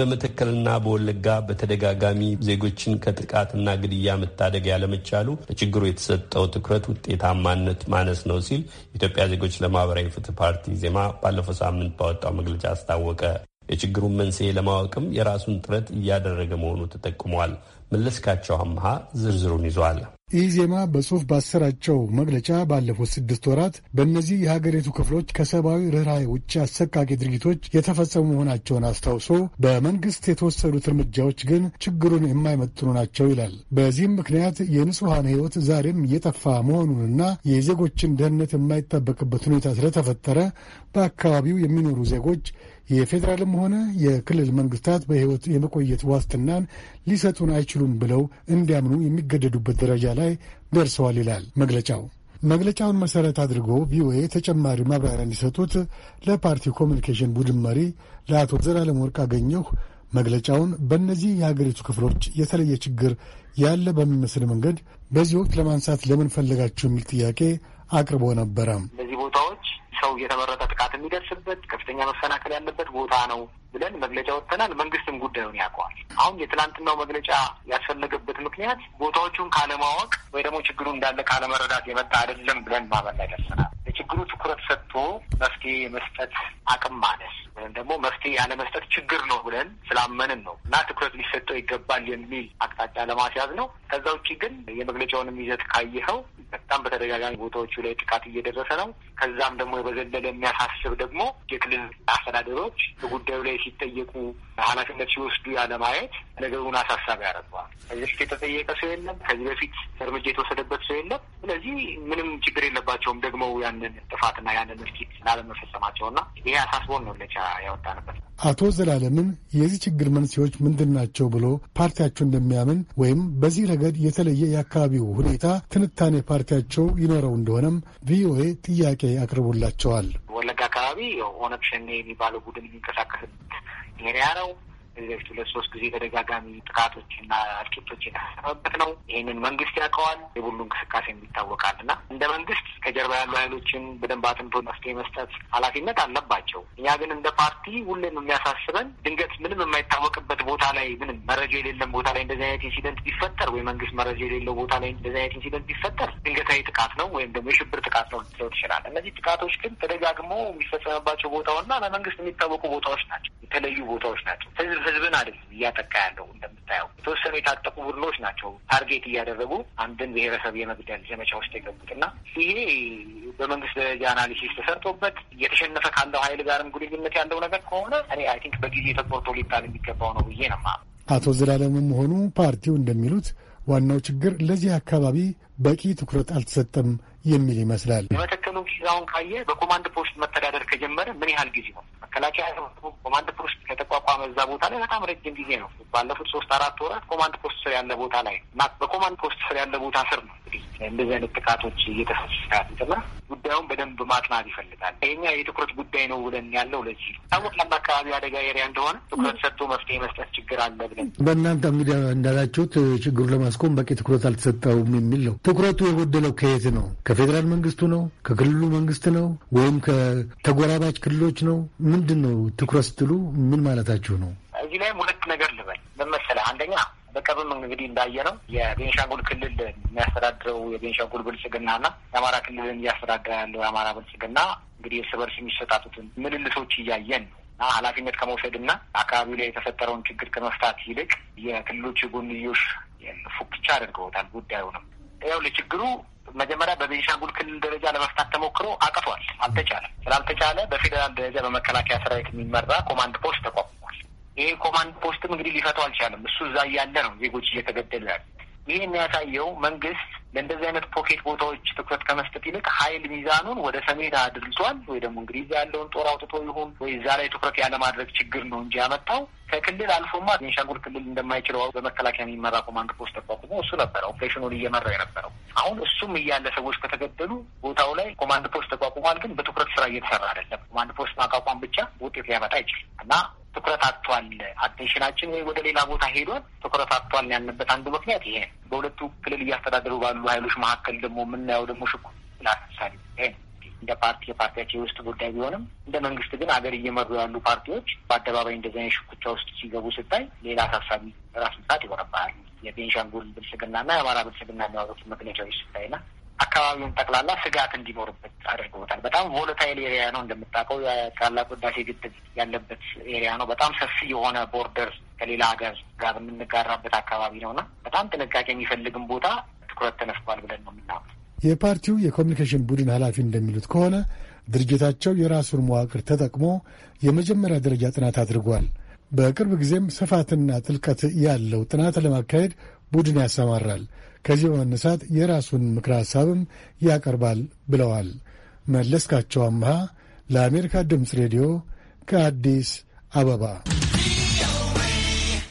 በመተከልና በወለጋ በተደጋጋሚ ዜጎችን ከጥቃትና ግድያ መታደግ ያለመቻሉ ለችግሩ የተሰጠው ትኩረት ውጤታማነት ማነስ ነው ሲል የኢትዮጵያ ዜጎች ለማህበራዊ ፍትህ ፓርቲ ዜማ ባለፈው ሳምንት ባወጣው መግለጫ አስታወቀ። የችግሩን መንስኤ ለማወቅም የራሱን ጥረት እያደረገ መሆኑ ተጠቁሟል። መለስካቸው አምሃ ዝርዝሩን ይዟል። ኢዜማ በጽሑፍ ባሰራጨው መግለጫ ባለፉት ስድስት ወራት በእነዚህ የሀገሪቱ ክፍሎች ከሰብአዊ ርኅራኄ ውጭ አሰቃቂ ድርጊቶች የተፈጸሙ መሆናቸውን አስታውሶ በመንግስት የተወሰዱት እርምጃዎች ግን ችግሩን የማይመጥኑ ናቸው ይላል። በዚህም ምክንያት የንጹሐን ሕይወት ዛሬም እየጠፋ መሆኑንና የዜጎችን ደህንነት የማይጠበቅበት ሁኔታ ስለተፈጠረ በአካባቢው የሚኖሩ ዜጎች የፌዴራልም ሆነ የክልል መንግስታት በሕይወት የመቆየት ዋስትናን ሊሰጡን አይችሉም ብለው እንዲያምኑ የሚገደዱበት ደረጃ ላይ ደርሰዋል ይላል መግለጫው። መግለጫውን መሰረት አድርጎ ቪኦኤ ተጨማሪ ማብራሪያ እንዲሰጡት ለፓርቲው ኮሚኒኬሽን ቡድን መሪ ለአቶ ዘላለም ወርቅ አገኘሁ መግለጫውን በእነዚህ የሀገሪቱ ክፍሎች የተለየ ችግር ያለ በሚመስል መንገድ በዚህ ወቅት ለማንሳት ለምን ፈለጋችሁ የሚል ጥያቄ አቅርቦ ነበረ። እነዚህ ቦታዎች ሰው እየተመረጠ ጥቃት የሚደርስበት ከፍተኛ መሰናከል ያለበት ቦታ ነው። ብለን መግለጫ ወጥተናል። መንግስትም ጉዳዩን ያውቀዋል። አሁን የትላንትናው መግለጫ ያስፈለገበት ምክንያት ቦታዎቹን ካለማወቅ ወይ ደግሞ ችግሩ እንዳለ ካለመረዳት የመጣ አይደለም ብለን ማመን ላይ ደርሰናል። ትኩረት ሰጥቶ መፍትሄ የመስጠት አቅም ማነስ ወይም ደግሞ መፍትሄ ያለመስጠት ችግር ነው ብለን ስላመንን ነው እና ትኩረት ሊሰጠው ይገባል የሚል አቅጣጫ ለማስያዝ ነው። ከዛ ውጭ ግን የመግለጫውንም ይዘት ካየኸው በጣም በተደጋጋሚ ቦታዎቹ ላይ ጥቃት እየደረሰ ነው። ከዛም ደግሞ የበዘለለ የሚያሳስብ ደግሞ የክልል አስተዳደሮች በጉዳዩ ላይ ሲጠየቁ ኃላፊነት ሲወስዱ ያለማየት ነገሩን አሳሳቢ ያደርገዋል። ከዚህ በፊት የተጠየቀ ሰው የለም። ከዚህ በፊት እርምጃ የተወሰደበት ሰው የለም። ስለዚህ ምንም ችግር የለባቸውም ደግሞ ያንን ጥፋትና ያንን ምርኪት ላለመፈጸማቸውና ይሄ አሳስቦን ነው ለቻ ያወጣንበት ነው። አቶ ዘላለምን የዚህ ችግር መንስኤዎች ምንድን ናቸው ብሎ ፓርቲያቸው እንደሚያምን ወይም በዚህ ረገድ የተለየ የአካባቢው ሁኔታ ትንታኔ ፓርቲያቸው ይኖረው እንደሆነም ቪኦኤ ጥያቄ አቅርቦላቸዋል። ወለጋ አካባቢ ኦነግ ሸኔ የሚባለው ቡድን የሚንቀሳቀስበት ኤሪያ ነው። ከዚህ በፊት ሁለት ሶስት ጊዜ ተደጋጋሚ ጥቃቶች እና እርጭቶች የተሰራበት ነው። ይህንን መንግስት ያውቀዋል። የቡሉ እንቅስቃሴ ይታወቃል እና እንደ መንግስት ከጀርባ ያሉ ኃይሎችን በደንብ አጥንቶ መፍትሄ መስጠት ኃላፊነት አለባቸው። እኛ ግን እንደ ፓርቲ ሁሌም የሚያሳስበን ድንገት ምንም የማይታወቅበት ቦታ ላይ ምንም መረጃ የሌለም ቦታ ላይ እንደዚህ አይነት ኢንሲደንት ቢፈጠር ወይ መንግስት መረጃ የሌለው ቦታ ላይ እንደዚህ አይነት ኢንሲደንት ቢፈጠር ድንገታዊ ጥቃት ነው ወይም ደግሞ የሽብር ጥቃት ነው ሊለው ትችላል። እነዚህ ጥቃቶች ግን ተደጋግሞ የሚፈጸምባቸው ቦታውና ለመንግስት የሚታወቁ ቦታዎች ናቸው፣ የተለዩ ቦታዎች ናቸው። ህዝብን አይደለም እያጠቃ ያለው እንደምታየው የተወሰኑ የታጠቁ ቡድኖች ናቸው ታርጌት እያደረጉ አንድን ብሔረሰብ የመግደል ዘመቻ ውስጥ የገቡት እና ይሄ በመንግስት ደረጃ አናሊሲስ ተሰርቶበት እየተሸነፈ ካለው ሀይል ጋርም ግንኙነት ያለው ነገር ከሆነ እኔ አይ ቲንክ በጊዜ ተቆርጦ ሊጣል የሚገባው ነው ብዬ ነማ አቶ ዘላለምም ሆኑ ፓርቲው እንደሚሉት ዋናው ችግር ለዚህ አካባቢ በቂ ትኩረት አልተሰጠም የሚል ይመስላል። የመተከሉን ጊዜ አሁን ካየ በኮማንድ ፖስት መተዳደር ከጀመረ ምን ያህል ጊዜ ነው? መከላከያ ኮማንድ ፖስት እዛ ቦታ ላይ በጣም ረጅም ጊዜ ነው። ባለፉት ሶስት አራት ወራት ኮማንድ ፖስት ስር ያለ ቦታ ላይ በኮማንድ ፖስት ስር ያለ ቦታ ስር ነው እንግዲህ እንደዚህ አይነት ጥቃቶች እየተፈጸሙ ጉዳዩን በደንብ ማጥናት ይፈልጋል። ይሄኛ የትኩረት ጉዳይ ነው ብለን ያለው ለዚህ ነው። ታወቃም አካባቢ አደጋ ኤሪያ እንደሆነ ትኩረት ሰጥቶ መፍትሄ መስጠት ችግር አለ ብለን በእናንተ እንግዲህ እንዳላችሁት ችግሩ ለማስቆም በቂ ትኩረት አልተሰጠውም የሚል ነው። ትኩረቱ የጎደለው ከየት ነው? ከፌዴራል መንግስቱ ነው? ከክልሉ መንግስት ነው? ወይም ከተጎራባች ክልሎች ነው? ምንድን ነው ትኩረት ስትሉ ምን ማለታችሁ ነው? እዚህ ላይም ሁለት ነገር ልበል መመሰለህ አንደኛ በቅርብም እንግዲህ እንዳየነው የቤንሻንጉል ክልል የሚያስተዳድረው የቤንሻንጉል ብልጽግናና የአማራ ክልልን እያስተዳደረ ያለው የአማራ ብልጽግና እንግዲህ እርስ በርስ የሚሰጣጡትን ምልልሶች እያየን ነው ኃላፊነት ከመውሰድና አካባቢው ላይ የተፈጠረውን ችግር ከመፍታት ይልቅ የክልሎች የጎንዮሽ ፉክቻ አድርገውታል። ጉዳዩ ነው ያው ለችግሩ መጀመሪያ በቤንሻንጉል ክልል ደረጃ ለመፍታት ተሞክሮ አቅቷል፣ አልተቻለም። ስላልተቻለ በፌዴራል ደረጃ በመከላከያ ሰራዊት የሚመራ ኮማንድ ፖስት ተቋም ይህ ኮማንድ ፖስትም እንግዲህ ሊፈተው አልቻለም። እሱ እዛ እያለ ነው ዜጎች እየተገደለ ይህ የሚያሳየው መንግስት ለእንደዚህ አይነት ፖኬት ቦታዎች ትኩረት ከመስጠት ይልቅ ኃይል ሚዛኑን ወደ ሰሜን አድርሷል። ወይ ደግሞ እንግዲህ እዛ ያለውን ጦር አውጥቶ ይሁን ወይ እዛ ላይ ትኩረት ያለማድረግ ችግር ነው እንጂ ያመጣው ከክልል አልፎማ ቤንሻንጉል ክልል እንደማይችለው በመከላከያ የሚመራ ኮማንድ ፖስት ተቋቁሞ እሱ ነበረ ኦፕሬሽኑን እየመራ የነበረው። አሁን እሱም እያለ ሰዎች ከተገደሉ ቦታው ላይ ኮማንድ ፖስት ተቋቁሟል፣ ግን በትኩረት ስራ እየተሰራ አይደለም። ኮማንድ ፖስት ማቋቋም ብቻ ውጤት ሊያመጣ አይችልም እና ትኩረት አጥቷል። አቴንሽናችን ወይ ወደ ሌላ ቦታ ሄዷል፣ ትኩረት አጥቷል ያንበት አንዱ ምክንያት ይሄ በሁለቱ ክልል እያስተዳደሩ ባሉ ኃይሎች መካከል ደግሞ የምናየው ደግሞ ሽኩል አሳሳቢ እንደ ፓርቲ የፓርቲያቸው የውስጥ ጉዳይ ቢሆንም እንደ መንግስት ግን አገር እየመሩ ያሉ ፓርቲዎች በአደባባይ እንደዚህ አይነት ሽኩቻ ውስጥ ሲገቡ ስታይ ሌላ አሳሳቢ ራስ ምታት ይሆንብሃል። የቤንሻንጉል ብልጽግናና የአማራ ብልጽግና የሚያወጡት መግለጫዎች ስታይና አካባቢውን ጠቅላላ ስጋት እንዲኖርበት አድርገውታል። በጣም ቮለታይል ኤሪያ ነው እንደምታውቀው፣ ታላቁ ህዳሴ ግድብ ያለበት ኤሪያ ነው። በጣም ሰፊ የሆነ ቦርደር ከሌላ ሀገር ጋር የምንጋራበት አካባቢ ነው እና በጣም ጥንቃቄ የሚፈልግም ቦታ ትኩረት ተነስቷል ብለን ነው የምናውቀው። የፓርቲው የኮሚኒኬሽን ቡድን ኃላፊ እንደሚሉት ከሆነ ድርጅታቸው የራሱን መዋቅር ተጠቅሞ የመጀመሪያ ደረጃ ጥናት አድርጓል። በቅርብ ጊዜም ስፋትና ጥልቀት ያለው ጥናት ለማካሄድ ቡድን ያሰማራል። ከዚህ በመነሳት የራሱን ምክረ ሀሳብም ያቀርባል ብለዋል። መለስካቸው አምሃ ለአሜሪካ ድምፅ ሬዲዮ ከአዲስ አበባ